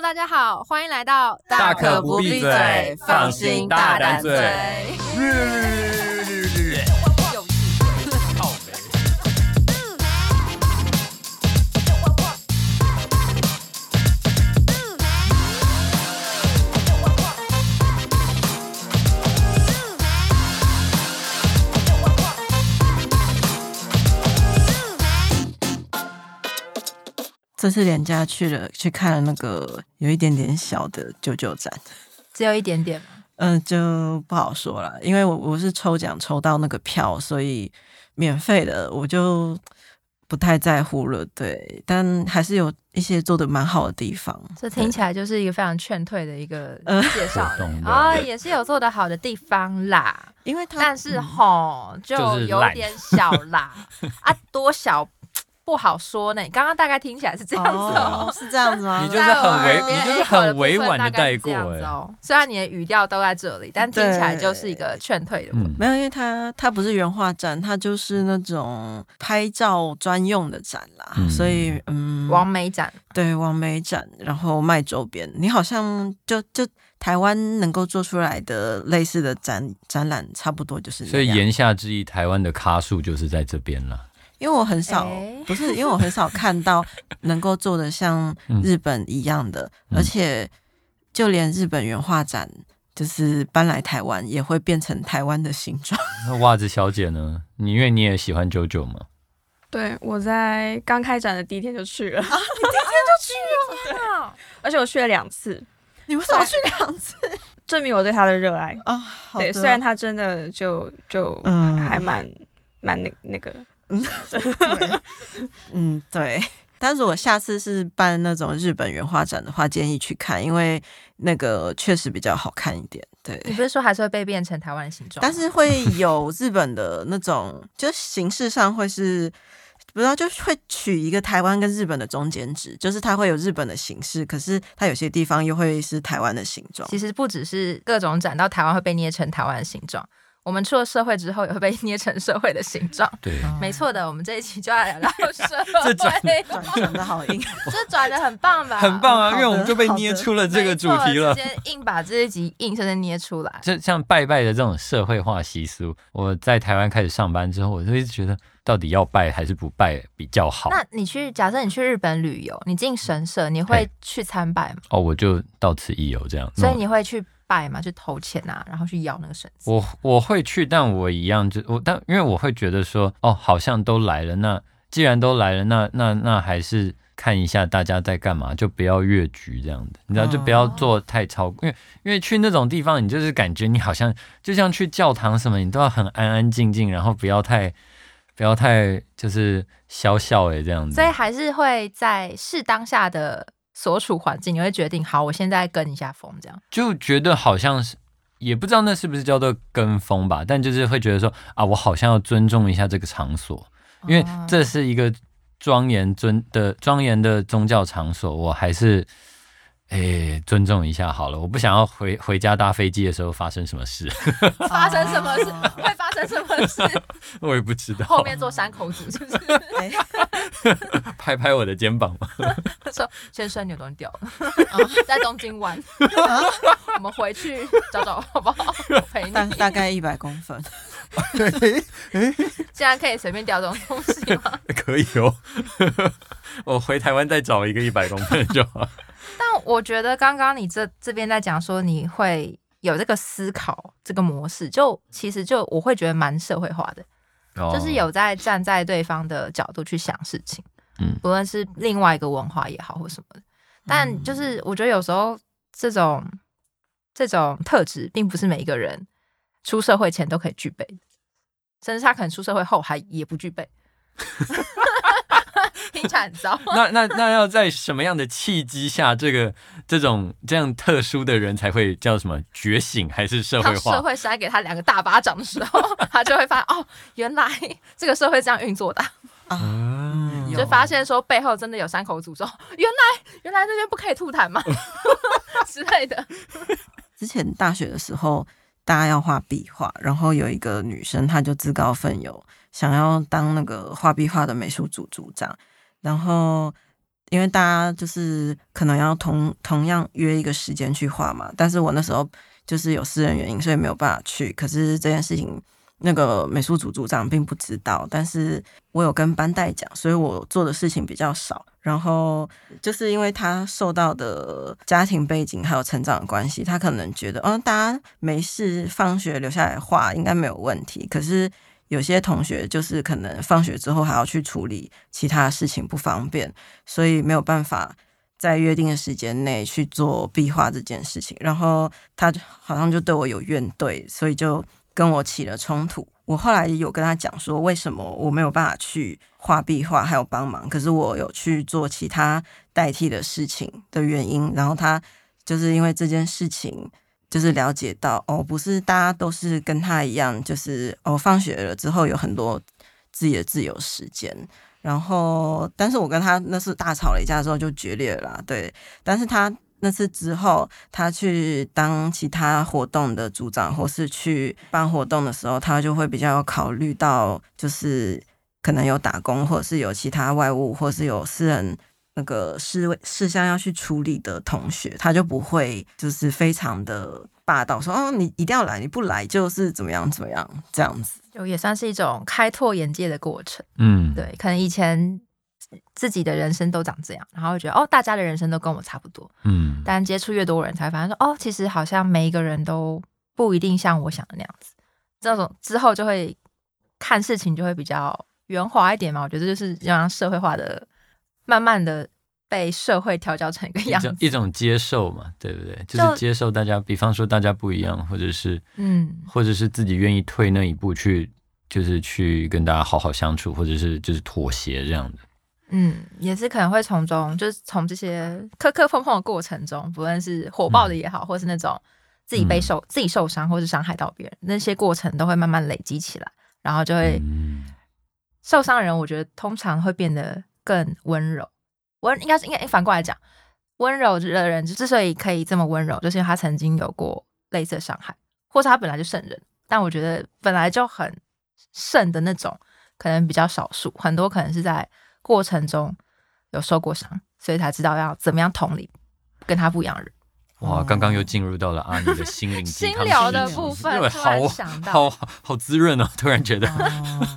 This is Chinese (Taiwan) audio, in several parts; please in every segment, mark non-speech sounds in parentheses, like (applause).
大家好，歡迎來到 Duck 不閉嘴，閉嘴放心大膽嘴。 (laughs) 這次連假去了，去看了那個有一點點小的舊舊展，只有一點點嗎？嗯，就不好說了，因為我我是抽獎抽到那個票，所以免費的我就不太在乎了。對，但還是有一些做的蠻好的地方。這聽起來就是一個非常勸退的一個、嗯、介紹啊、 (laughs) 哦，也是有做的好的地方啦，因為他但是吼、就是，就有點小啦 (laughs) 啊，多小。不好說呢，你剛剛大概聽起來是這樣子，喔、哦，是這樣子嗎？ (laughs) 你，就是很啊、你就是很委婉，喔，很委婉帶過哦。雖然你的語調都在這裡，但聽起來就是一個勸退的、嗯。沒有，因為它它不是原畫展，它就是那種拍照專用的展啦、嗯。所以，嗯，網美展對網美展，然後賣周邊。你好像就就台灣能夠做出來的類似的展展覽，差不多就是那樣。所以言下之意，台灣的咖數就是在這邊啦。因為我很少，欸、不是因為我很少看到能夠做的像日本一樣的、嗯，而且就連日本原畫展就是搬來台灣也會變成台灣的形狀。那襪子小姐呢？你因為你也喜歡 JoJo 嗎？對，我在剛開展的第一天就去了，啊、你第一天就去了、啊，而且我去了兩次。你為什麼去兩次？ (laughs) 證明我對他的熱愛啊。好！對，雖然他真的就就嗯，還蠻蠻那那個。 (laughs) 嗯，對，但是我下次是辦那種日本原畫展的話，建議去看，因為那個確實比較好看一點。對，你不是說還是會被變成台灣的形狀？但是會有日本的那種，就形式上會是 (laughs) 不知道，就是會取一個台灣跟日本的中間值，就是它會有日本的形式，可是它有些地方又會是台灣的形狀。其實不只是各種展到台灣會被捏成台灣的形狀。我們出了社會之後也會被捏成社會的形狀。對，沒錯的。我們這一集就要來聊社會。這 (laughs) 這轉的好硬， (laughs) 這轉的很棒吧、啊？很棒啊、哦，因為我們就被捏出了這個主題了。先硬把這一集硬生生捏出來。 (laughs) 就像拜拜的這種社會化習俗，我在台灣開始上班之後，我就一直覺得，到底要拜還是不拜比較好？那你去假設你去日本旅遊，你進神社，你會去參拜嗎？哦，我就到此一遊這樣，所以你會去。拜嘛，就投錢吶、啊，然後去搖那個繩子。我我會去，但我一樣就我，但因為我會覺得說，哦，好像都來了，那既然都來了，那那那還是看一下大家在幹嘛，就不要越局這樣的，你知道，就不要做太超，嗯、因為因為去那種地方，你就是感覺你好像就像去教堂什麼，你都要很安安靜靜，然後不要太不要太就是笑笑哎這樣子，所以還是會在適當下的。所處環境，你會決定好，我現在跟一下風，這樣就覺得好像是，也不知道那是不是叫做跟風吧，但就是會覺得說啊，我好像要尊重一下這個場所，因為這是一個莊嚴尊的、莊嚴的宗教場所，我還是。哎，尊重一下好了，我不想要回回家搭飛機的時候發生什麼事，發生什麼事 oh, oh, oh, oh. 會發生什麼事，我也不知道。後面坐山口組是不是、欸？拍拍我的肩膀嘛，說先生，你有東西掉了、 (laughs) 啊，在東京玩、 (laughs) 啊，我們回去找找好不好？陪你，大概一百公分，對，既然可以隨便掉這種東西嗎？可以哦，我回台灣再找一個一百公分就好。 (laughs) 但我覺得剛剛你這這邊在講說你會有這個思考這個模式，就其實就我會覺得蠻社會化的，oh. 就是有在站在對方的角度去想事情，嗯、不論是另外一個文化也好或什麼的。但就是我覺得有時候這種這種特質，並不是每一個人出社會前都可以具備的，甚至他可能出社會後還也不具備。 (laughs) 聽起來很糟。 (laughs) 那那那，要在什麼樣的契機下，這個這種這樣特殊的人才會叫什麼覺醒，還是社會化？社會塞給他兩個大巴掌的時候，他就會發現 (laughs) 哦，原來這個社會這樣運作的啊。嗯嗯，就發現說背後真的有山口組。原來原來這邊不可以吐痰嗎？ (laughs) (laughs) 之類的。之前大學的時候，大家要畫壁畫，然後有一個女生，她就自告奮勇想要當那個畫壁畫的美術組組長。然後，因為大家就是可能要同同樣約一個時間去畫嘛，但是我那時候就是有私人原因，所以沒有辦法去。可是這件事情，那個美術組組長並不知道，但是我有跟班代講，所以我做的事情比較少。然後就是因為他受到的家庭背景還有成長的關係，他可能覺得，哦，大家沒事，放學留下來畫應該沒有問題。可是。有些同學就是可能放學之後還要去處理其他事情，不方便，所以沒有辦法在約定的時間內去做壁畫這件事情。然後他好像就對我有怨懟，所以就跟我起了衝突。我後來有跟他講說，為什麼我沒有辦法去畫壁畫還有幫忙，可是我有去做其他代替的事情的原因。然後他就是因為這件事情。就是了解到哦，不是大家都是跟他一樣，就是哦，放學了之後有很多自己的自由時間。然後，但是我跟他那次大吵了一架之後就決裂了啊。對，但是他那次之後，他去當其他活動的組長，或是去辦活動的時候，他就會比較考慮到，就是可能有打工，或是有其他外務，或是有私人。那個事事項要去處理的同學，他就不會就是非常的霸道說，說哦，你一定要來，你不來就是怎麼樣怎麼樣這樣子，就也算是一種開拓眼界的過程。嗯，對，可能以前自己的人生都長這樣，然後覺得哦，大家的人生都跟我差不多。嗯，但接觸越多人才發現說哦，其實好像每一個人都不一定像我想的那樣子。這種之後就會看事情就會比較圓滑一點嘛。我覺得就是讓社會化的。慢慢的被社會調教成一個樣子，一種，一種接受嘛，對不對？就、就是接受大家，比方說大家不一樣，或者是嗯，或者是自己願意退那一步去，就是去跟大家好好相處，或者是就是妥協這樣的。嗯，也是可能會從中，就是從這些磕磕碰碰的過程中，不論是火爆的也好，嗯、或是那種自己被受、嗯、自己受傷，或是傷害到別人，那些過程都會慢慢累積起來，然後就會、嗯、受傷的人，我覺得通常會變得，更溫柔，溫應該是應該、欸、反過來講，溫柔的人之所以可以這麼溫柔，就是因為他曾經有過類似的傷害，或是他本來就聖人。但我覺得本來就很聖的那種，可能比較少數，很多可能是在過程中有受過傷，所以才知道要怎麼樣同理跟他不一樣的人。哇，剛剛又進入到了阿妮的心靈， (laughs) 心療的部分，想到 (laughs) 的部分想到，好，好好好滋潤哦，突然覺得。Oh.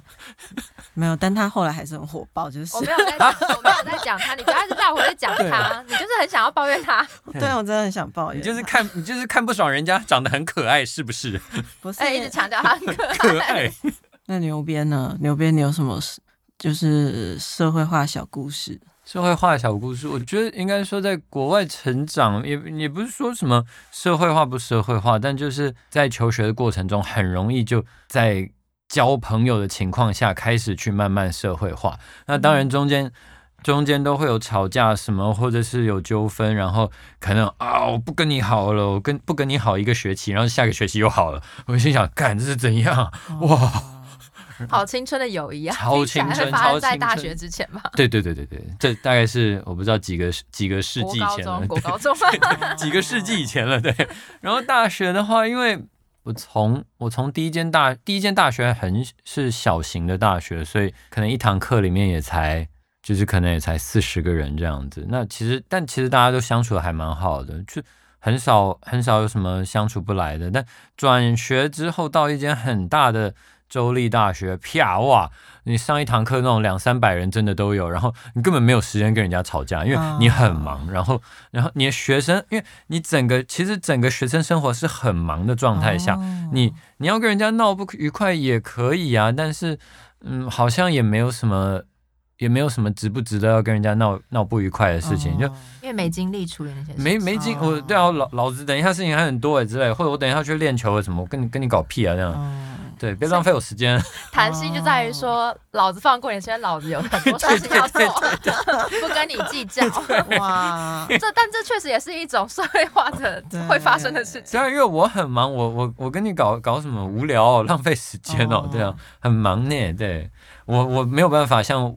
(laughs) 沒有，但他後來還是很火爆，就是我沒有在講，我沒有在講他， (laughs) 你不要一直在回去講他，你就是很想要抱怨他。對，我真的很想抱怨，你就是看你就是看不爽人家長得很可愛，是不是？不是，欸、一直強調他很可愛，可愛。那牛鞭呢？牛鞭你有什麼是就是社會化小故事？社會化小故事，我覺得應該說在國外成長也也不是說什麼社會化不社會化，但就是在求學的過程中很容易就在。交朋友的情況下開始去慢慢社會化，那當然中間、嗯、中間都會有吵架什麼，或者是有糾紛，然後可能啊我不跟你好了，我跟不跟你好一個學期，然後下個學期又好了。我心想，幹這是怎樣、嗯、哇？好青春的友誼啊，超青春，超在大學之前吧。對對對對對，這大概是我不知道幾個幾個世紀以前了，國高中，國高中 (laughs) 對對，幾個世紀以前了，對。然後大學的話，因為。我從我從第一間大第一間大學很是小型的大學，所以可能一堂課裡面也才就是可能也才四十個人這樣子。那其實但其實大家都相處得還蠻好的，就很少很少有什麼相處不來的。但轉學之後到一間很大的。州立大學，啪、啊、哇！你上一堂課那種兩三百人真的都有，然後你根本沒有時間跟人家吵架，因為你很忙。Oh. 然後，然後你的學生，因為你整個其實整個學生生活是很忙的狀態下，oh. 你你要跟人家鬧不愉快，也可以啊，但是嗯，好像也沒有什麼，也沒有什麼值不值得要跟人家鬧鬧不愉快的事情，oh. 就因為沒精力處理那些事沒沒精，我對啊，老老子等一下事情還很多誒之類，或者我等一下去練球什麼，我跟你跟你搞屁啊這樣。Oh. 對，別浪費我時間。彈性就在於說，wow. 老子放過你，現在老子有很多事情要做， (laughs) 對對對對 (laughs) 不跟你計較。哇 (laughs) 對， (laughs) 這但這確實也是一種社會化的會發生的事情。雖然因為我很忙，我我我跟你搞搞什麼無聊，浪費時間哦、喔，對啊，oh. 很忙呢。對我我沒有辦法像。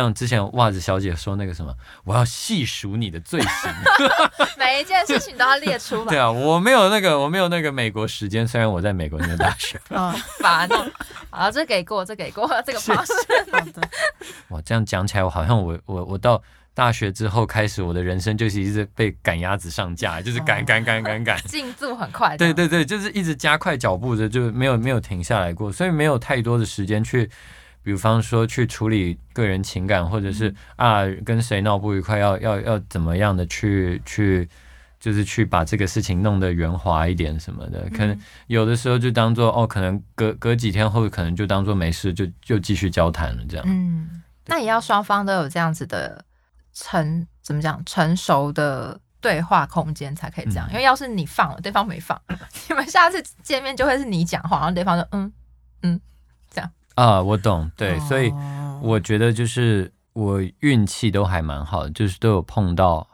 像之前襪子小姐說那個什麼，我要細數你的罪行， (laughs) 每一件事情都要列出吧。 (laughs) 對啊，我沒有那個，我沒有那個美國時間，雖然我在美國念大學。啊、哦，煩哦。好，這給過，這給過，這個沒事、這個。 (laughs) 哇，這樣講起來，我好像我我我到大學之後開始，我的人生就是一直被趕鴨子上架，就是趕趕趕趕趕，進度很快。對對對，就是一直加快腳步的，就沒有沒有停下來過，所以沒有太多的時間去。比方說去處理個人情感，或者是、嗯、啊跟誰鬧不愉快，要要要怎麼樣的去去，就是去把這個事情弄得圓滑一點什麼的、嗯。可能有的時候，就當做哦，可能隔隔幾天後，可能就當做沒事，就就繼續交談了這樣。嗯，那也要雙方都有這樣子的成，成怎麼講成熟的對話空間才可以這樣、嗯。因為要是你放了，對方沒放， (laughs) 你們下次見面就會是你講話，然後對方說嗯嗯。嗯啊，我懂，對，uh... 所以我覺得就是我運氣都還蠻好，就是都有碰到，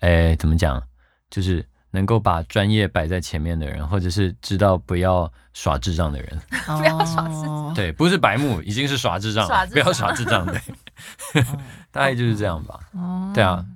哎，怎麼講，就是能夠把專業擺在前面的人，或者是知道不要耍智障的人，不要耍智障，對，不是白目，已經是耍智障了 (laughs) 耍智障，不要耍智障的，對 (laughs) 大概就是這樣吧，對啊。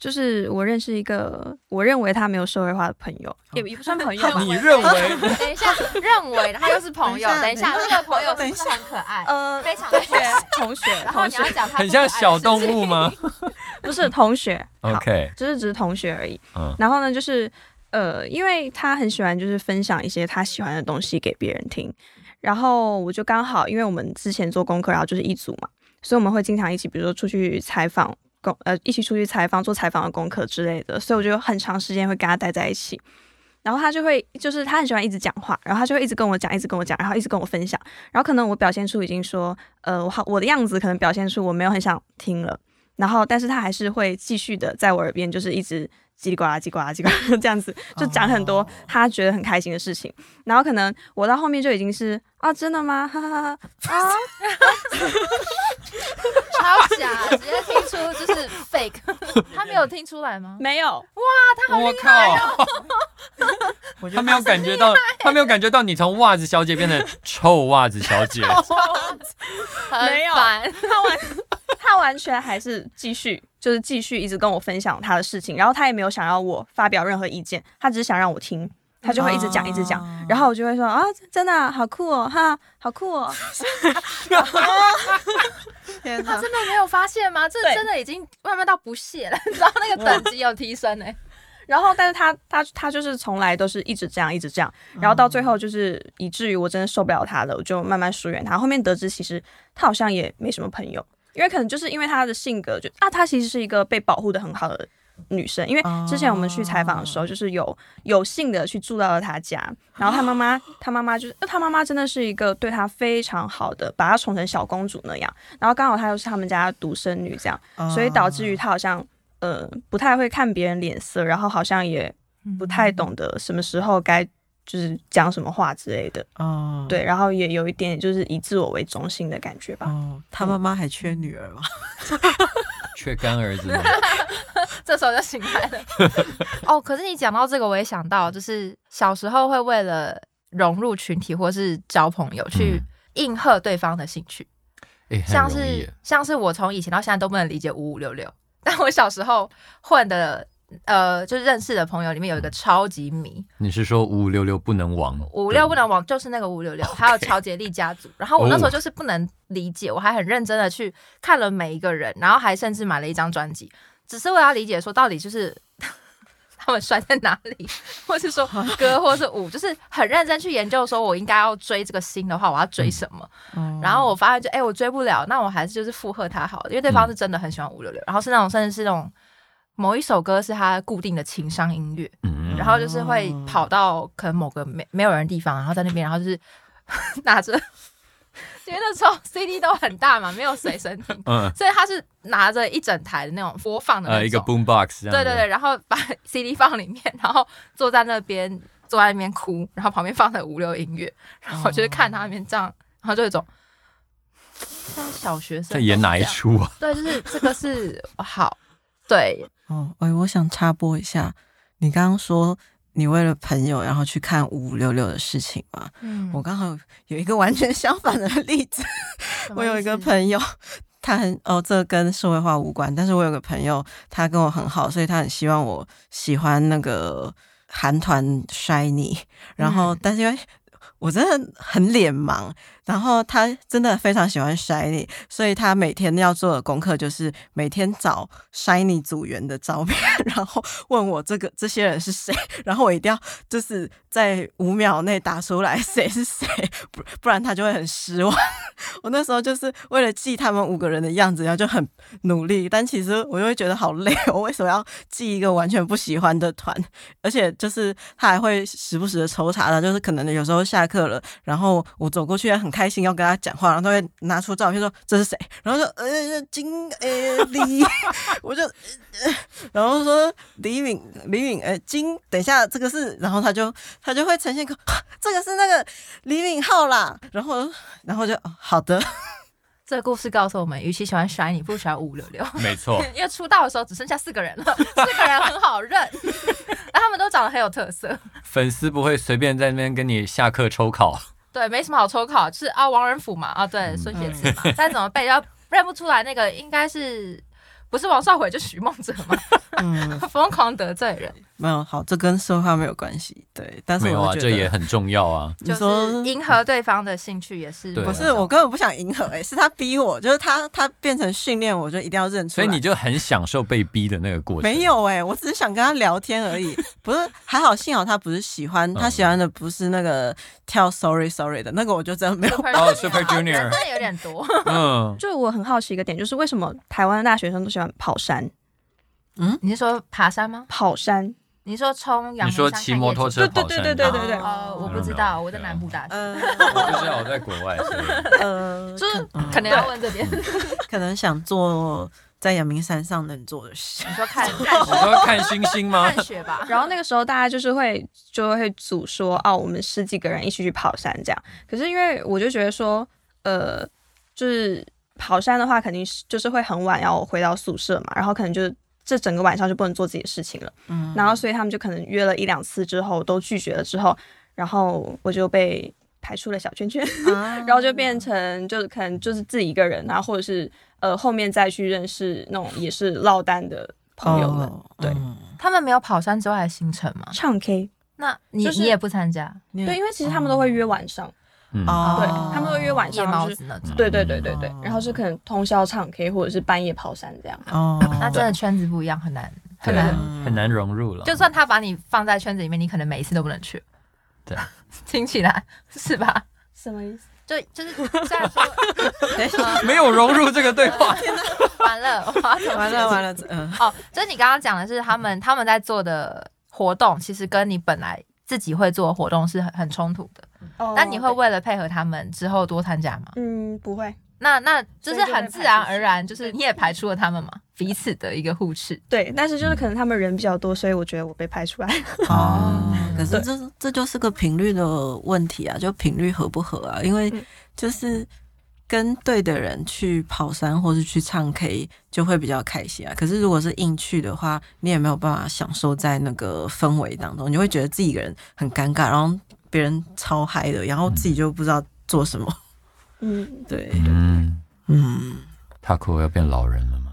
就是我認識一個，我認為他沒有社會化的朋友，也也不算朋友吧。你認為、 (laughs) 哎，等一下，認為，他又是朋友 (laughs) 等。等一下，那個朋友真的很可愛，呃，非常的可愛、呃、同學，同學，然後你要講他很像小動物嗎？ (laughs) 不是同學，OK，就是只是同學而已。嗯。然後呢，就是呃，因為他很喜歡就是分享一些他喜歡的東西給別人聽，然後我就剛好因為我們之前做功課，然後就是一組嘛，所以我們會經常一起，比如說出去採訪。工呃，一起出去採訪，做採訪的功課之類的，所以我就很長時間會跟他待在一起。然後他就會，就是他很喜歡一直講話，然後他就會一直跟我講，一直跟我講，然後一直跟我分享。然後可能我表現出已經說，呃，我好，我的樣子可能表現出我沒有很想聽了。然後但是他還是會繼續的在我耳邊，就是一直嘰裡呱啦嘰裡呱啦嘰裡呱啦這樣子，就講很多他覺得很開心的事情。Oh. 然後可能我到後面就已經是。啊，真的嗎？哈哈哈，啊，哈啊哈哈哈哈，超假，直接聽出就是 fake， (laughs) 他沒有聽出來嗎？沒有，哇，他好厲害哦、我靠、 (laughs) 他沒有感覺到 (laughs) 他，他沒有感覺到你從襪子小姐變成臭襪子小姐， (laughs) 沒有，他完，他完全還是繼續，就是繼續一直跟我分享他的事情，然後他也沒有想要我發表任何意見，他只是想讓我聽。他就會一直講，一直講，uh... 然後我就會說啊，真的、啊、好酷哦，哈，好酷哦。 (laughs) (laughs) 天哪。他真的沒有發現嗎？這真的已經慢慢到不屑了，你知道那個等級有提升呢。Uh... 然後，但是他，他，他就是從來都是一直這樣，一直這樣，uh... 然後到最後就是以至於我真的受不了他了，我就慢慢疏遠他。後面得知其實他好像也沒什麼朋友，因為可能就是因為他的性格就，就啊，他其實是一個被保護的很好的女生，因為之前我們去採訪的時候，就是有、oh, 有，有幸的去住到了她家，然後她媽媽，她、oh. 媽媽就是，那、呃、她媽媽真的是一個對她非常好的，把她寵成小公主那樣。然後剛好她又是他們家的獨生女，這樣，oh. 所以導致於她好像呃不太會看別人臉色，然後好像也不太懂得什麼時候該就是講什麼話之類的。Oh. 對，然後也有一點就是以自我為中心的感覺吧。哦，她媽媽還缺女兒嗎？ (laughs) 缺乾兒子嗎？ (laughs) 這時候就醒來了。 (laughs) 哦，可是你講到這個，我也想到，就是小時候會為了融入群體或是交朋友，去應和對方的興趣。嗯、像是像是我從以前到現在都不能理解五五六六，但我小時候混的。呃，就是認識的朋友裡面有一個超級迷。嗯、你是說五五六六不能亡？五六不能亡，就是那個五五六六，還有喬傑立家族。然後我那時候就是不能理解、哦，我還很認真的去看了每一個人，然後還甚至買了一張專輯，只是我要理解說到底就是 (laughs) 他們帥在哪裡， (laughs) 或是說歌，或是舞， (laughs) 就是很認真去研究，說我應該要追這個星的話，我要追什麼？嗯、然後我發現就哎、欸，我追不了，那我還是就是附和他好了，因為對方是真的很喜歡五六六，然後是那種甚至是那種。某一首歌是他固定的情傷音樂、嗯，然後就是會跑到可能某個沒沒有人的地方，然後在那邊，然後就是拿着，因為那時候 CD 都很大嘛，沒有隨身聽、 (laughs) 嗯，所以他是拿着一整台的那種播放的那種，呃，一個 boombox，對對對，然後把 CD 放裡面，然後坐在那邊，坐在那邊哭，然後旁邊放的無聊音樂，然後就是看他那邊這樣，嗯、然後就有一種像小學生在演哪一出啊？對，就是這個是好，對。哦，喂、欸，我想插播一下，你剛剛說你為了朋友然後去看五五六六的事情嘛？嗯，我剛好有一個完全相反的例子，我有一個朋友，他很哦，這個、跟社會化無關，但是我有個朋友，他跟我很好，所以他很希望我喜歡那個韓團 Shiny，然後、嗯，但是因為我真的很臉盲。然後他真的非常喜歡 Shiny，所以他每天要做的功課就是每天找 Shiny 組員的照片，然後問我這個這些人是誰，然後我一定要就是在五秒內打出來誰是誰，不不然他就會很失望。 (laughs) 我那時候就是為了記他們五個人的樣子，然後就很努力，但其實我就會覺得好累。我為什麼要記一個完全不喜歡的團？而且就是他還會時不時的抽查，他就是可能有時候下課了，然後我走過去也很開。開心要跟他講話，然後他會拿出照片說，這是誰？然後就呃金呃李，我就，呃、然後說李敏，李敏呃金，等一下這個是，然後他就他就會呈現個、啊、這個是那個李敏鎬啦，然後然後就好的，這個故事告訴我們，與其喜歡甩你，不如喜歡五五六六。沒錯， (laughs) 因為出道的時候只剩下四個人了，四個人很好認，啊 (laughs) 他們都長得很有特色，粉絲不會隨便在那邊跟你下課抽考。對，沒什麼好抽考，就是啊，王仁甫嘛，啊，對，孫協志嘛、嗯，哎，但怎麼背都認不出來，那個應該是不是王少偉，就許孟哲嘛，嗯、 (laughs) 瘋狂得罪人。沒有好，這跟社會化沒有關係。對，但是我覺得、啊、這也很重要啊。就是迎合對方的興趣也是不對。不是，我根本不想迎合、欸，哎，是他逼我，就是他他變成訓練我，就一定要認出來。所以你就很享受被逼的那個過程？沒有哎、欸，我只是想跟他聊天而已。 (laughs) 不是，還好，幸好他不是喜歡， (laughs) 他喜歡的不是那個跳 sorry sorry 的那個，我就真的沒有。哦 Super, (laughs) oh,，Super Junior。 (laughs) 真的有點多。嗯。就我很好奇一個點，就是為什麼台灣的大學生都喜歡跑山？嗯？你是說爬山嗎？跑山。你說衝，陽明山，你說騎摩托車跑山，對對對對對對、啊哦，嗯、哦，我不知道，我在南部大學，我不知道我是在國外。嗯、呃、就是嗯可能要問這邊，嗯、可能想做在陽明山上能做的事。你說看，你 (laughs) 看 (laughs) 說看星星嗎？ (laughs) 看雪吧。然後那個時候大家就是會就會組說，哦，我們十幾個人一起去跑山這樣。可是因為我就覺得說，呃，就是跑山的話肯定是就是會很晚要回到宿舍嘛，然後可能就是。這整個晚上就不能做自己的事情了，嗯，然後所以他們就可能約了一兩次之後都拒絕了，之後，然後我就被排出了小圈圈、嗯，然後就變成就是可能就是自己一個人，嗯、然後或者是呃後面再去認識那種也是落單的朋友們、哦、對，他們沒有跑山之外的行程嗎？唱 K，那你、就是、你也不參加，對，因為其實他們都會約晚上。嗯嗯，對、哦、他們會約晚上、夜貓子那種，對、嗯、對對對對，然後是可能通宵唱 K 或者是半夜跑山這樣。哦， (laughs) 那真的圈子不一樣，很難很難、啊、很難融入了。就算他把你放在圈子裡面，你可能每一次都不能去。對， (laughs) 聽起來是吧？什麼意思？就就是在說，沒什麼。 (laughs) 沒有融入這個對話，完了完了完了完了。完了完了 (laughs) 嗯，哦，就是你剛剛講的是他們他們在做的活動，其實跟你本來自己會做的活動是很很衝突的。那你會為了配合他們之後多參加嗎？嗯，不會。那那就是很自然而然，就是你也排除了他們嘛，彼此的一個互斥。對，但是就是可能他們人比較多，所以我覺得我被排出來了。嗯、 (laughs) 哦，可是這這就是個頻率的問題啊，就頻率合不合啊？因為就是跟對的人去跑山或是去唱 K 就會比較開心啊。可是如果是硬去的話，你也沒有辦法享受在那個氛圍當中，你會覺得自己一個人很尷尬，然後。別人超嗨的，然後自己就不知道做什麼。嗯，對，嗯嗯，他快要變老人了嗎？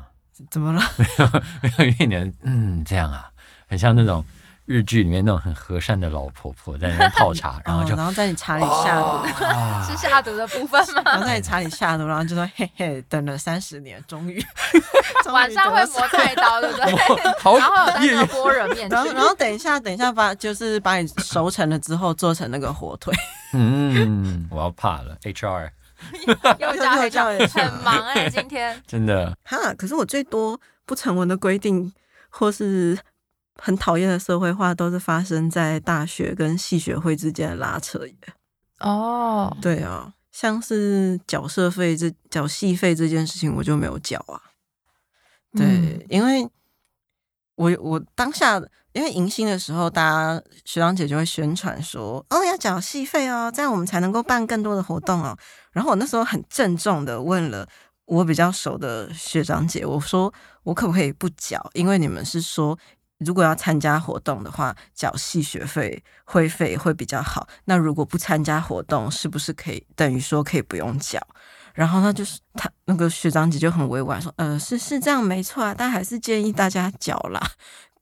怎麼了？沒有，沒有一點，嗯，這樣啊，很像那種。日劇裡面那種很和善的老婆婆在那泡茶，然後就、 (laughs) 哦、然後在你茶裡下毒，哦、是下毒的部分嗎？ (laughs) 然後在你茶裡下毒，然後就說 (laughs) 嘿嘿，等了三十年，終於，終於了 (laughs) 晚上會磨菜刀， (laughs) 對不對？ (laughs) 然後有波人面，然後然後等一下，等一下把就是把你熟成了之後做成那個火腿。 (laughs) 嗯，我要怕了。HR， (laughs) 又叫 HR， (laughs) 又叫 (laughs) 很忙哎、欸，今天 (laughs) 真的哈。可是我最多不成文的規定或是。很討厭的社會化都是發生在大學跟系學會之間的拉扯耶。哦，對啊，像是繳社費，這繳系費這件事情，我就沒有繳啊。對，因為我我當下因為迎新的時候，大家學長姐就會宣傳說，哦，要繳系費哦，這樣我們才能夠辦更多的活動哦。然後我那時候很鄭重的問了我比較熟的學長姐，我說我可不可以不繳？因為你們是說。如果要參加活動的話，繳系學費會費會比較好。那如果不參加活動，是不是可以等於說可以不用繳？然後他就是他那個學長姐就很委婉說，呃，是是這樣沒錯啊，但還是建議大家繳啦。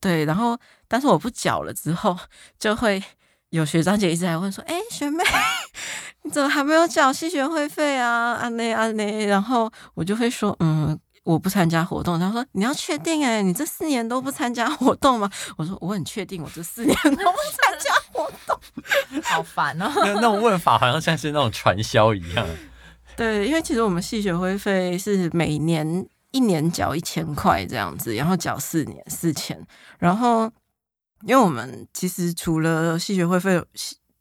對，然後但是我不繳了之後，就會有學長姐一直來問說，誒、欸，學妹， (laughs) 你怎麼還沒有繳系學會費啊？阿捏阿捏。然後我就會說，嗯。我不參加活動，他說，你要確定哎、欸，你這四年都不參加活動嗎？我說我很確定，我這四年都不參加活動， (laughs) 好煩哦、喔。那那種問法好像像是那種傳銷一樣。 (laughs) 對，因為其實我們系學會費是每年一年繳一千塊這樣子，然後繳四年四千。然後因為我們其實除了系學會費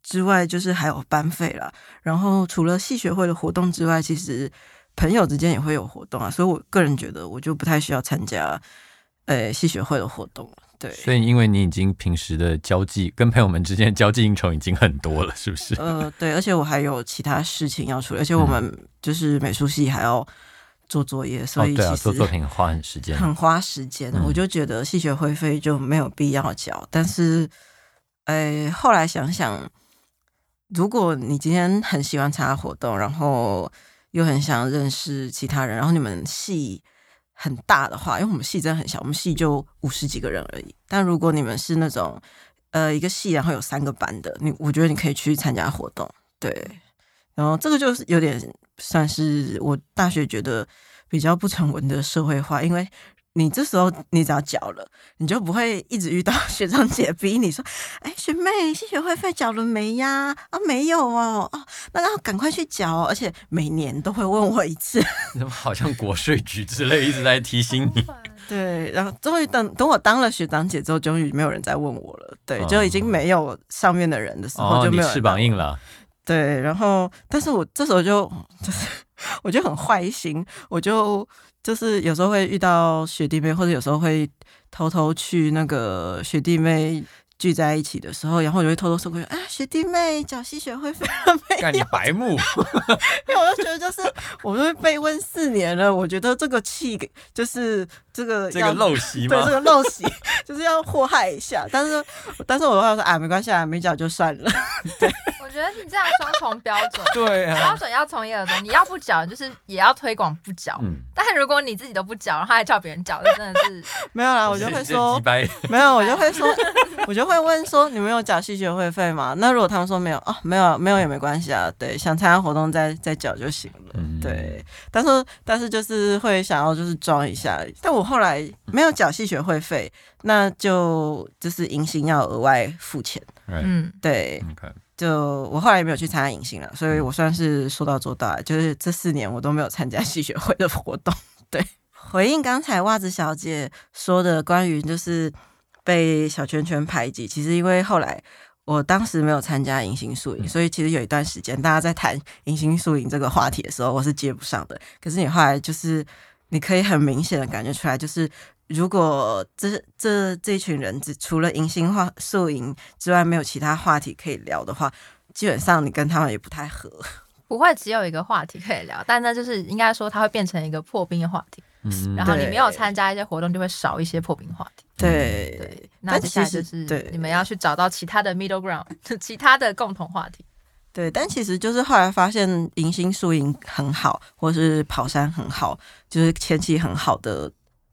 之外，就是還有班費啦。然後除了系學會的活動之外，其實。朋友之間也會有活動啊，所以我個人覺得，我就不太需要參加，呃、欸，系學會的活動。對，所以因為你已經平時的交際跟朋友們之間交際應酬已經很多了，是不是？呃，對，而且我還有其他事情要處理，而且我們就是美術系還要做作業，嗯、所以其實很、哦對啊、做作品花很時間，很花時間、嗯。我就覺得系學會費就沒有必要交，但是，哎、欸、後來想想，如果你今天很喜歡參加活動，然後。又很想認識其他人，然後你們系很大的話，因為我們系真的很小，我們系就五十幾個人而已。但如果你們是那種，呃，一個系然後有三個班的，你我覺得你可以去參加活動，對。然後這個就是有點算是我大學覺得比較不成文的社會化，因為。你這時候你只要繳了，你就不會一直遇到學長姐逼你說：“哎、欸，學妹，系學會費繳了沒呀、啊？”啊，沒有哦，哦、啊，那要趕快去繳、哦，而且每年都會問我一次，怎麼好像國稅局之類一直在提醒你 (laughs) 。對，然後終於等等我當了學長姐之後，終於沒有人再問我了。對、嗯，就已經沒有上面的人的時候、哦、就沒有。你翅膀硬了。對，然後，但是我這時候就就是，我就很壞心，我就。就是有時候會遇到學弟妹，或者有時候會偷偷去那個學弟妹聚在一起的時候，然後我就會偷偷說過去。啊，學弟妹，腳吸血會非常美。看你白目， (laughs) 因為我就覺得就是我們被，被問四年了，我覺得這個氣就是這個這個陋習，對這個陋習就是要禍害一下。但是，但是我的話說哎、啊，沒關係，啊，沒腳就算了對。我覺得你這樣雙重標準。 (laughs) 對啊，標準要從一而終。你要不腳，就是也要推廣不腳、嗯。但是如果你自己都不腳，然後還叫別人腳，就真的是 (laughs) 沒有啦，我就會說沒有，我就會說，我覺得。會問說你沒有繳系學會費嗎？那如果他們說沒有啊、哦，沒有、啊、沒有也沒關係啊。對，想參加活動再再繳就行了。對，但是但是就是會想要就是裝一下。但我後來沒有繳系學會費，那就就是迎新要額外付錢。嗯、right.，對。Okay. 就我後來也沒有去參加迎新了，所以我算是說到做到，就是這四年我都沒有參加系學會的活動。對，回應剛才襪子小姐說的關於就是。被小圈圈排擠，其實因為後來我當時沒有參加迎新宿營，所以其實有一段時間大家在談迎新宿營這個話題的時候，我是接不上的。可是你後來就是你可以很明顯的感覺出來，就是如果這這這，這群人只除了迎新宿營之外沒有其他話題可以聊的話，基本上你跟他們也不太合。不會只有一個話題可以聊，但那就是應該說它會變成一個破冰的話題。嗯、然後你沒有參加一些活動，就會少一些破冰話題。對，嗯、對，但那其實是你們要去找到其他的 middle ground，其他的共同話題。對，但其實就是後來發現迎新宿營很好，或是跑山很好，就是前期很好的。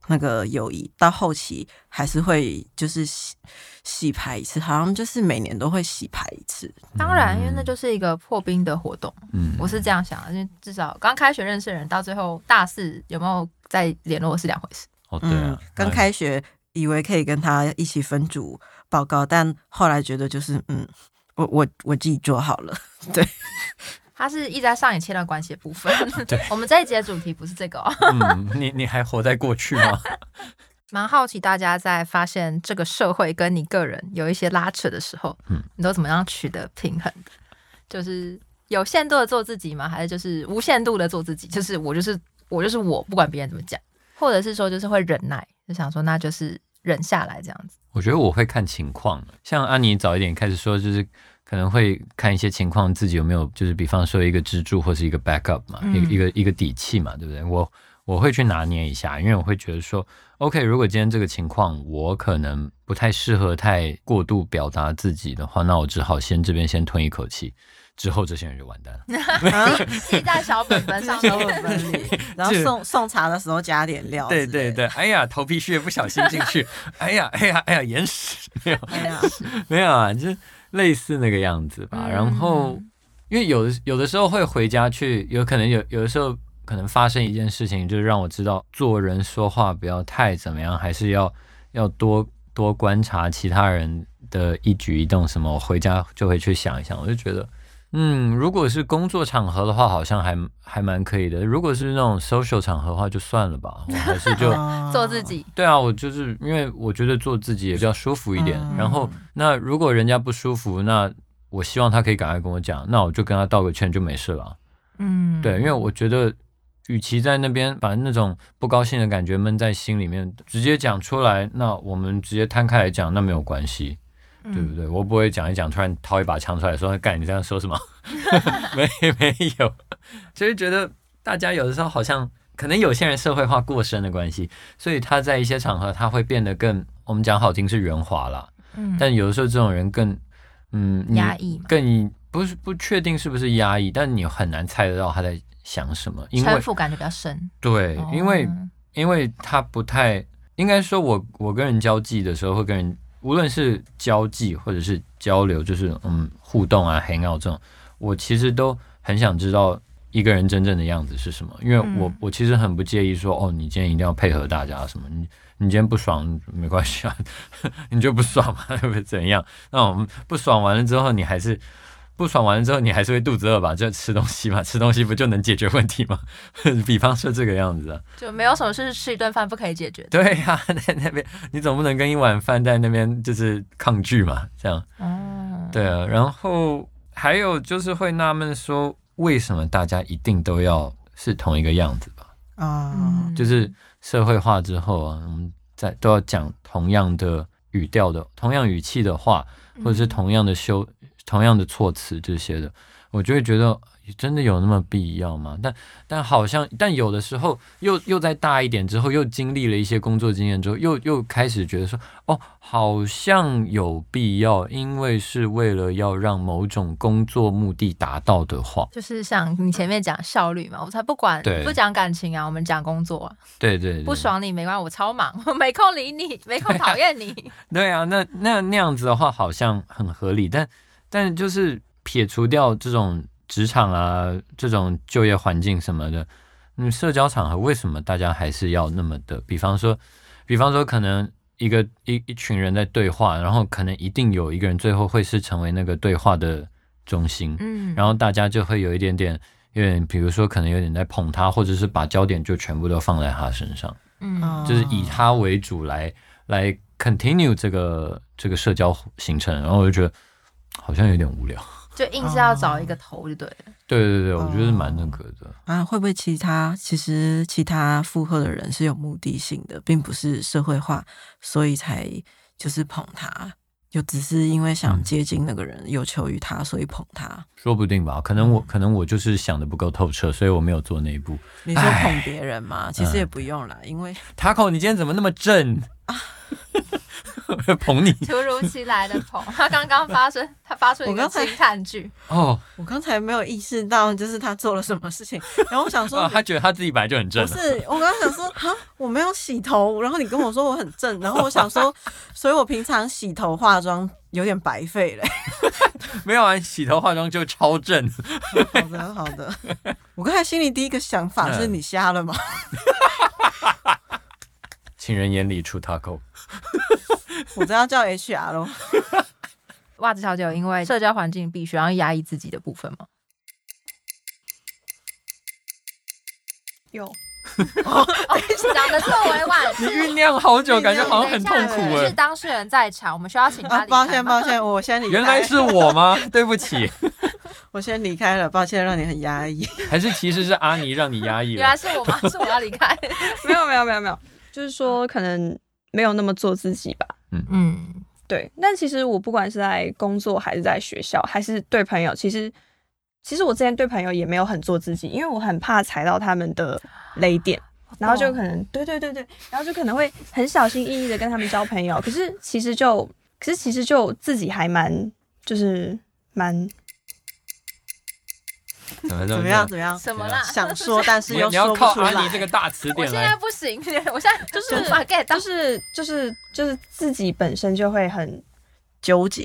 那個友誼到後期還是會就是洗洗牌一次，好像就是每年都會洗牌一次。當然，因為那就是一個破冰的活動。嗯，我是這樣想的，因為至少剛開學認識的人，到最後大四有沒有再聯絡是兩回事。哦、嗯，對啊，剛開學以為可以跟他一起分組報告，但後來覺得就是嗯，我我我自己做好了，對。 (laughs) 他是一直在上演切斷關係的部分。 (laughs) 對，我們這一集的主題不是這個哦。 (laughs) 嗯，你你還活在過去嗎？蠻 (laughs) 好奇大家在發現這個社會跟你個人有一些拉扯的時候，嗯，你都怎麼樣取得平衡？就是有限度的做自己嗎？還是就是無限度的做自己？就是我就是我就是我，不管別人怎麼講，或者是說就是會忍耐，就想說那就是忍下來這樣子。我覺得我會看情況，像安妮早一點開始說，就是。可能會看一些情況，自己有沒有就是，比方說一個支柱或是一個 backup 嘛，一、嗯、一個一個底氣嘛，對不對？我我會去拿捏一下，因為我會覺得說，OK，如果今天這個情況我可能不太適合太過度表達自己的話，那我只好先這邊先吞一口氣，之後這些人就完蛋了。記、啊、在 (laughs) (laughs) 小本本上，小本本裡，然後送 (laughs) 送茶的時候加點料。對對對，對， (laughs) 哎呀，頭皮屑也不小心進去，哎呀哎呀哎呀，眼、哎、屎沒有、哎、 (laughs) 沒有沒有啊，就。類似那個樣子吧，然後因為有的有的時候會回家去，有可能有有的時候可能發生一件事情，就是讓我知道做人說話不要太怎麼樣，還是要要多多觀察其他人的一舉一動什麼，我回家就會去想一想，我就覺得。嗯，如果是工作場合的話，好像還還蠻可以的。如果是那種 social 場合的話，就算了吧。我還是就 (laughs) 做自己。對啊，我就是因為我覺得做自己也比較舒服一點。嗯。然後，那如果人家不舒服，那我希望他可以趕快跟我講，那我就跟他道個歉就沒事了。嗯，對，因為我覺得，與其在那邊把那種不高興的感覺悶在心裡面，直接講出來，那我們直接攤開來講，那沒有關係。對不對？嗯、我不會講一講，突然掏一把槍出來說：“幹，你這樣說什麼？” (laughs) 沒沒有，就是覺得大家有的時候好像可能有些人社會化過深的關係，所以他在一些場合他會變得更我們講好聽是圓滑啦。嗯，但有的時候這種人更嗯壓抑，更不是不確定是不是壓抑，但你很難猜得到他在想什麼，因為城府感就比較深。對，哦、因為因為他不太應該說我我跟人交際的時候會跟人。無論是交際或者是交流，就是嗯互動啊、hang out 這種，我其實都很想知道一個人真正的樣子是什麼。因為我、嗯、我其實很不介意說，哦，你今天一定要配合大家什麼，你你今天不爽沒關係，啊， (laughs) 你就不爽嘛，又 (laughs) 會怎樣？那我們不爽完了之後，你還是。不爽完了之後，你還是會肚子餓吧？就吃東西嘛，吃東西不就能解決問題嗎？ (laughs) 比方說這個樣子，啊，就沒有什麼事是吃一頓飯不可以解決的。對呀、啊，在那邊你總不能跟一碗飯在那邊就是抗拒嘛，這樣、嗯。對啊，然後還有就是會納悶說，為什麼大家一定都要是同一個樣子吧？啊、嗯，就是社會化之後啊，我們在都要講同樣的語調的、同樣語氣的話，或者是同樣的修。嗯同樣的措辭這些的，我就會覺得真的有那麼必要嗎？但但好像，但有的時候又又再大一點之後，又經歷了一些工作經驗之後，又又開始覺得說，哦，好像有必要，因為是為了要讓某種工作目的達到的話，就是像你前面講效率嘛，我才不管，對，不講感情啊，我們講工作啊，對，對對，不爽你沒關係，我超忙，我沒空理你，沒空討厭你，對啊，對啊，那那那樣子的話，好像很合理，但。但就是撇除掉這種職場啊，這種就業環境什麼的，嗯，社交場合為什麼大家還是要那麼的？比方說，比方說，可能一個一一群人在對話，然後可能一定有一個人最後會是成為那個對話的中心，嗯，然後大家就會有一點點，因為比如說可能有點在捧他，或者是把焦點就全部都放在他身上，嗯，就是以他為主來來 continue 這個這個社交行程。然後我就覺得。好像有點無聊，就硬是要找一個頭就對了。啊、對對對，我覺得是蠻認可的、嗯。啊，會不會其他其實其他附和的人是有目的性的，並不是社會化，所以才就是捧他，就只是因為想接近那個人，有求於他，所以捧他。嗯、說不定吧，可能我可能我就是想得不夠透徹，所以我沒有做那一步。你說捧別人嗎？其實也不用了、嗯，因為 Taco 你今天怎麼那麼正啊？ (laughs) (laughs) 捧你，突如其來的捧，他剛剛發生，他發出我剛才看劇哦，我剛才沒有意識到，就是他做了什麼事情，然後我想說、哦，他覺得他自己本來就很正，不是，我剛才想說，我沒有洗頭，然後你跟我說我很正，然後我想說，所以我平常洗頭化妝有點白費嘞。沒有啊，洗頭化妝就超正 (laughs) ，好,好的好的，我剛才心裡第一個想法是你瞎了嗎、嗯？ (laughs) 情人眼裡出他狗。 (laughs) 我都要叫 H R 了。襪 (laughs) 子小姐有因為社交環境必須要壓抑自己的部分嗎？有。講、 (laughs) 哦 (laughs) 哦、 (laughs) 得這麼委婉，你醞釀好久，感覺好像很痛苦哎。是不是當事人在場，我們需要請他。他、 (laughs) 啊。抱歉抱歉，我先離開。 (laughs) 原來是我嗎？對不起。 (laughs) (laughs) 我先離開了，抱歉讓你很壓抑。 (laughs) 還是其實是阿尼讓你壓抑了？ (laughs) 原來是我嗎？是我要離開 (laughs) (laughs) 沒。沒有沒有沒有沒有，沒有 (laughs) 就是說可能。沒有那麼做自己吧，嗯嗯，對。但其實我不管是在工作還是在學校，還是對朋友，其實其實我之前對朋友也沒有很做自己，因為我很怕踩到他們的雷點，啊，然後就可能對對對對，然後就可能會很小心翼翼的跟他們交朋友。 (laughs) 可是其實就可是其實就自己還蠻就是蠻。怎麼，怎麼樣？怎麼樣？怎麼，麼啦？想說，但是又說不出來，你要靠查你這個大詞典。我現在不行， (laughs) (laughs) 我現在就是，就, forget, 就是，就是，就是自己本身就會很糾結，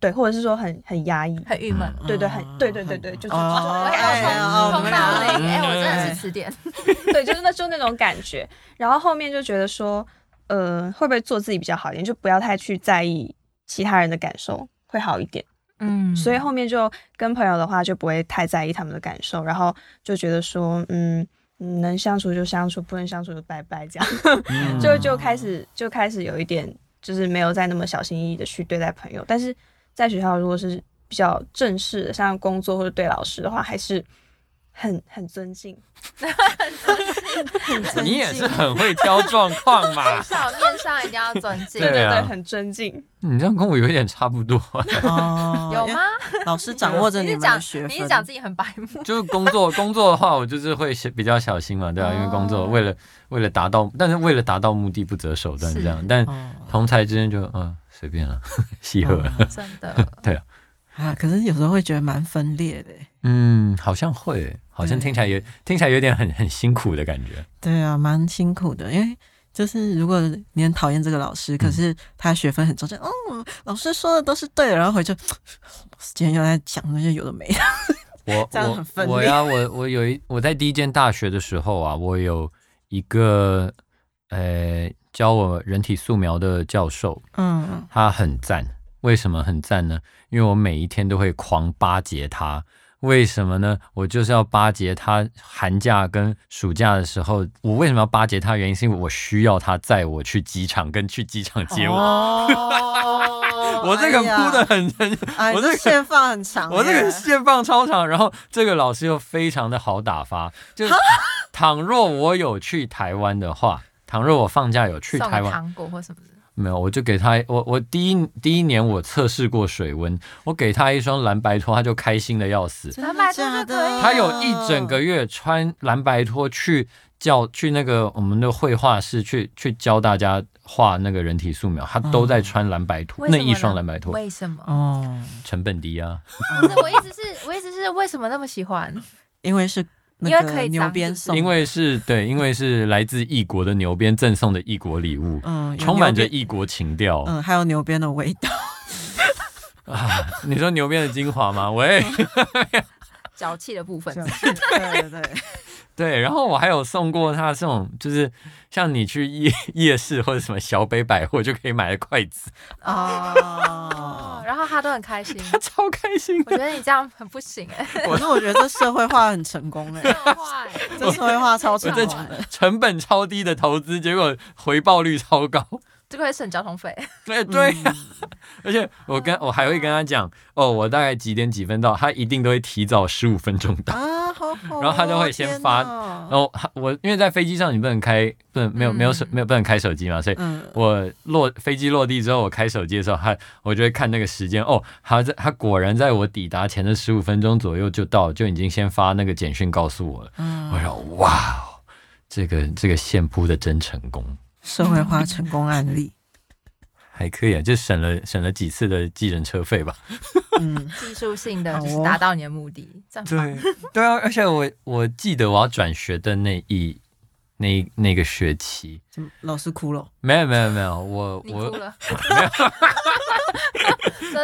對，或者是說很很壓抑，很鬱悶，對，對對，很、嗯、對，對對對對，嗯、就是。哦、嗯就是嗯就是嗯就是，哎、呃哎、呃了哎、呃哎呃，我真的是詞典，哎呃、 (laughs) (laughs) 對，就是那就那種感覺。然後後面就覺得說，呃，會不會做自己比較好一點，就不要太去在意其他人的感受，會好一點。嗯，所以後面就跟朋友的話就不會太在意他們的感受，然後就覺得說，嗯，能相處就相處，不能相處就拜拜，這樣 (laughs) 就就開始就開始有一點就是沒有再那麼小心翼翼的去對待朋友，但是在學校如果是比較正式的，像工作或者對老師的話，還是。很很尊，很，尊很，尊很尊敬，你也是很會挑狀況嘛？表 (laughs) 面上一定要尊敬，對、啊、對對，很尊敬。你這樣跟我有一點差不多，oh, 有嗎、欸？老師掌握着你們的學分，你講自己很白目。 (laughs) 就是工作工作的話，我就是會比較小心嘛，對吧、啊？Oh. 因為工作為了為了達到，但是為了達到目的不擇手段這樣。Oh. 但同儕之間就嗯隨便、啊、 (laughs) 了，西鶴真的對、啊。啊，可是有時候會覺得蠻分裂的、欸。嗯，好像會，好像聽起來有聽起來有點很很辛苦的感覺。對啊，蠻辛苦的，因為就是如果你很討厭這個老師，可是他學分很重要，就哦、嗯，老師說的都是對的，然後回去今天又在講那些有的沒的，這樣很分裂。我我呀，我我，我，、啊、我，我有一我在第一間大學的時候啊，我有一個呃教我人體素描的教授，嗯，他很讚。為什麼很贊呢？因為我每一天都會狂巴結他。為什麼呢？我就是要巴結他。寒假跟暑假的時候，我為什麼要巴結他？原因是因為我需要他載我去機場，跟去機場接我，oh, (laughs) 我，哎哎。我這個哭的很，我這個線放很長，我這個線放超長。然後這個老師又非常的好打發。就倘若我有去台灣的話， (laughs) 倘若我放假有去台灣，送糖果或什麼的。沒有，我就給他我我第一第一年我測試過水溫，我給他一雙藍白拖，他就開心的要死。藍白拖就可以，他有一整個月穿藍白拖去教，去那個我們的繪畫室去去教大家畫那個人體素描，他都在穿藍白拖、嗯。那一雙藍白拖為什麼？哦，成本低啊。不、嗯、是，我一直是我一直是為什麼那麼喜歡？因為是。應該可以牛鞭送，因為是對，因為是來自異國的牛鞭贈送的異國禮物，嗯，充滿着異國情調，嗯，還有牛鞭的味道 (laughs) 啊！你說牛鞭的精華嗎？喂，腳、嗯、 (laughs) 氣的部分，對對對。 (laughs) 對，然後我還有送過他這種，就是像你去夜夜市或者什麼小北百貨就可以買的筷子哦、oh, (laughs) 然後他都很開心，他超開心。我覺得你這樣很不行哎，可我， (laughs) 我，我覺得這社會化很成功哎，這社會化超成功，成本超低的投資，結果回報率超高。這個會省交通費，對對、啊嗯，而且我跟我還會跟他講哦，我大概幾點幾分到，他一定都會提早十五分鐘到，啊、好、然後他就會先發，然後他我因為在飛機上你不能開，不能沒有、嗯、沒有手沒有不能開手機嘛，所以我落飛機落地之後我開手機的時候，他我就會看那個時間哦，他在他果然在我抵達前的十五分鐘左右就到，就已經先發那個簡訊告訴我了，嗯、我說哇，這個這個線鋪的真成功。社會化成功案例， (laughs) 還可以啊，就省了省了幾次的計程車費吧。 (laughs) 嗯，技術性的、哦、就是達到你的目的。哦、對對啊，而且我我記得我要轉學的那一那那個學期，老師哭了，沒有沒有沒有，我我哭了。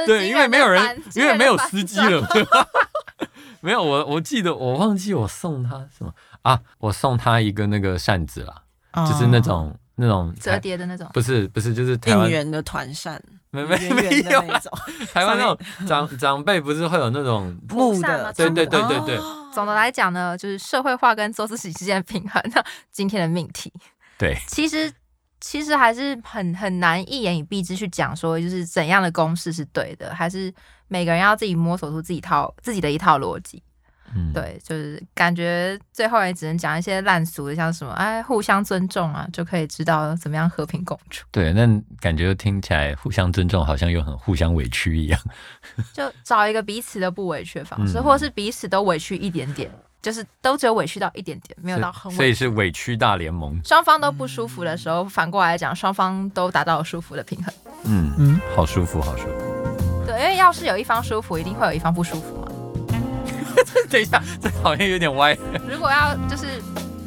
對， (laughs) (laughs) (laughs) (laughs) (laughs) 因為沒有人，因為沒有司機了。 (laughs) (laughs) (laughs) 沒有我我記得我忘記我送他什麼啊？我送他一個那個扇子了，uh. 就是那種。那種折疊的那種，不是不是，就是應援的團扇，沒沒沒那種 (laughs) (laughs) 台灣那種長 (laughs) 長輩不是會有那種木的，對對對對對,對、哦。總的來講呢，就是社會化跟做自己之間的平衡。那今天的命題，對，其實其實還是很很難一言以蔽之去講說，就是怎樣的公式是對的，還是每個人要自己摸索出自己套自己的一套邏輯。嗯、對，就是感覺最後也只能講一些爛俗的，像什麼哎，互相尊重啊，就可以知道怎麼樣和平共處。對，那感覺聽起來互相尊重好像又很互相委屈一樣。就找一個彼此都不委屈的方式，嗯、或是彼此都委屈一點點，就是都只有委屈到一點點，沒有到很委屈。所以，所以是委屈大聯盟。雙方都不舒服的時候，反過來講，雙方都達到了舒服的平衡。嗯嗯，好舒服，好舒服。對，因為要是有一方舒服，一定會有一方不舒服嘛。 (laughs) 等一下，這好像有點歪。如果要就是，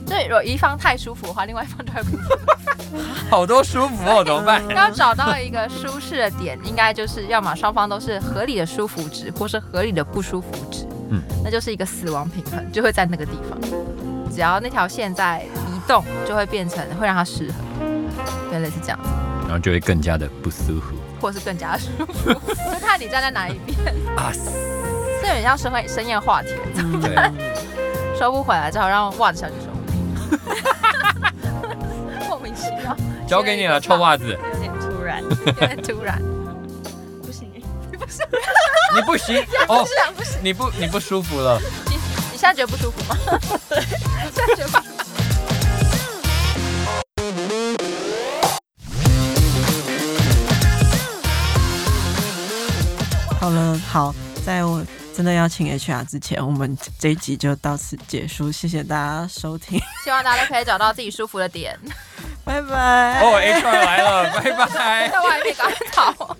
對，有一方太舒服的話，另外一方就會不會。 (laughs) 好多舒服哦，怎麼辦？要找到一個舒適的點， (laughs) 應該就是要嘛雙方都是合理的舒服值，或是合理的不舒服值。嗯，那就是一個死亡平衡，就會在那個地方。只要那條線在移動，就會變成會讓它失衡。對，類似這樣。然後就會更加的不舒服，或是更加舒服， (laughs) (laughs) 就看你站在哪一邊。啊 (laughs) 這很像深夜深夜話題，怎麼收不回來之後讓襪子小姐收。莫 (laughs) 名其妙。交給你了，臭襪子。有點突然，有點突然。 (laughs) 不行，不行不行 (laughs) 你不行，你 (laughs) 不，哦，不行。不你不，你不舒服了。 (laughs) 你你現在覺得不舒服嗎？ (laughs) 現在覺得不舒服。 (laughs) 好了，好，在我。真的要請 HR 之前，我們這一集就到此結束，謝謝大家收聽，希望大家可以找到自己舒服的點，拜 (laughs) 拜。哦、oh，HR 來了，拜 (laughs) 拜。在外面趕快逃！